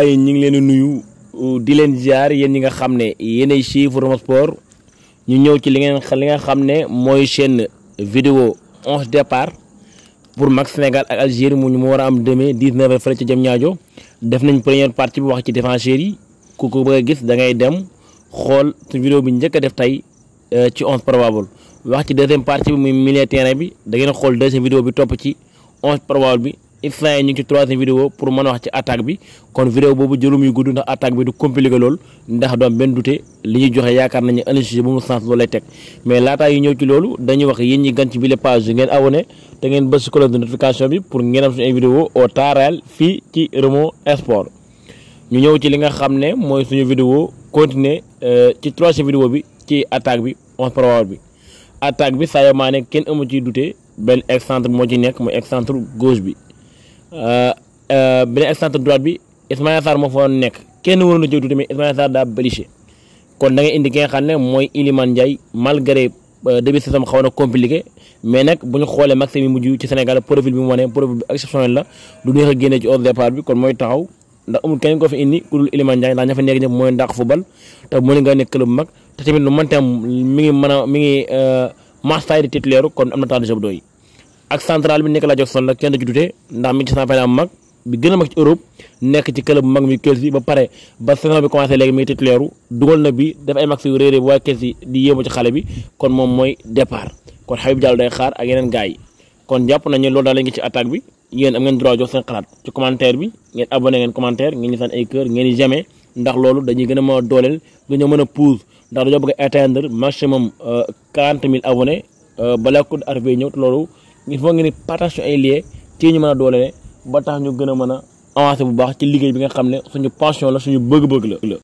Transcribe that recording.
ay ñu ngi leen nuyu di leen ziar yéen ñi nga xam ne yéenay suivre Rmo Sport ñu ñëw ci li ngeen li nga xam ne mooy chaîne vidéo onze départ pour match Sénégal ak Algérie mu mu war a am demee dix-neuf heures fële ca Diamniadio def nañ première partie bi wax ci défenseurs yi ku ko bëgg a gis da ngay dem xool suñu vidéo bi njëkk def tey euh, ci onze probable wax ci deuxième partie bi muy milieu terrain bi da ngeen xool deuxième vidéo bi topp ci onze probable bi. instant yi ñu ngi ci troisième vidéo pour mën a wax ci attaque bi kon vidéo boobu jëlum yu gudd ndax attaque bi du compliqué lool ndax doom benn dute li ñuy joxe yaakaar nañu analyse bu mu sens loolu lay teg mais laataa yu ñëw ci loolu dañuy wax yéen ñi gan ci bile page yi ngeen abonné te ngeen bës si cloche de notification bi pour ngeen am suñu ay vidéo au fii ci Remo Sport ñu ñëw ci li nga xam ne mooy suñu vidéo continuer euh, ci troisième vidéo bi ci attaque bi onze probable bi attaque bi Sadio Mané kenn amu ciy dute benn excentre moo ci nekk mooy excentre gauche bi Euh, euh, beneen centre droite bi Ismaïla Sarr moo fa nekk kenn waroon na jóg tuuti mais Ismaïla Sarr daa blessé kon da nga indi ki xam ne mooy Iliman Ndiaye malgré euh, début saison xaw na compliqué mais nag bu ñu xoolee match yi mujj ci Sénégal profil bi mu wane profil bi exceptionnel la du neex a génne ci onze départ bi kon mooy taxaw ndax amul kenn ko fi indi ku dul Iliman Ndiaye ndax ña fa nekk ñëpp mooy ndax football te mën nga nekk club mag te tamit lu mën tam mi ngi mën a mi ngi mastaay di titulaire kon am na temps de jeu doy ak central bi nekk la jox son la kenn du ci ndax mi ngi ci championnat bu mag bi gën a mag ci Europe nekk ci club bu mag mi Chelsea ba pare ba saison bi commencé léegi mi ngi titulaire dugal na bi def ay max yu réeré bu waaye Chelsea di yéemu ci xale bi kon moom mooy départ kon Habib Diallo day xaar ak yeneen gars yi kon jàpp nañu loolu daal la ngi bi yéen am ngeen droit jox seen xalaat bi ngeen abonné ngeen commentaire ngeen ñu seen ay cœur ngeen di jamais ndax loolu dañuy gën a a dooleel dañoo mën a pousse ndax dañoo bëgg a atteindre maximum 40 euh, 000 abonnés euh, balaa ko arrivé ñëw te loolu ngir fogg ni partation ay lié ci ñu mëna doole ba tax ñu gëna mëna avancer bu baax ci liggéey bi nga xamne suñu passion la suñu bëgg bëgg la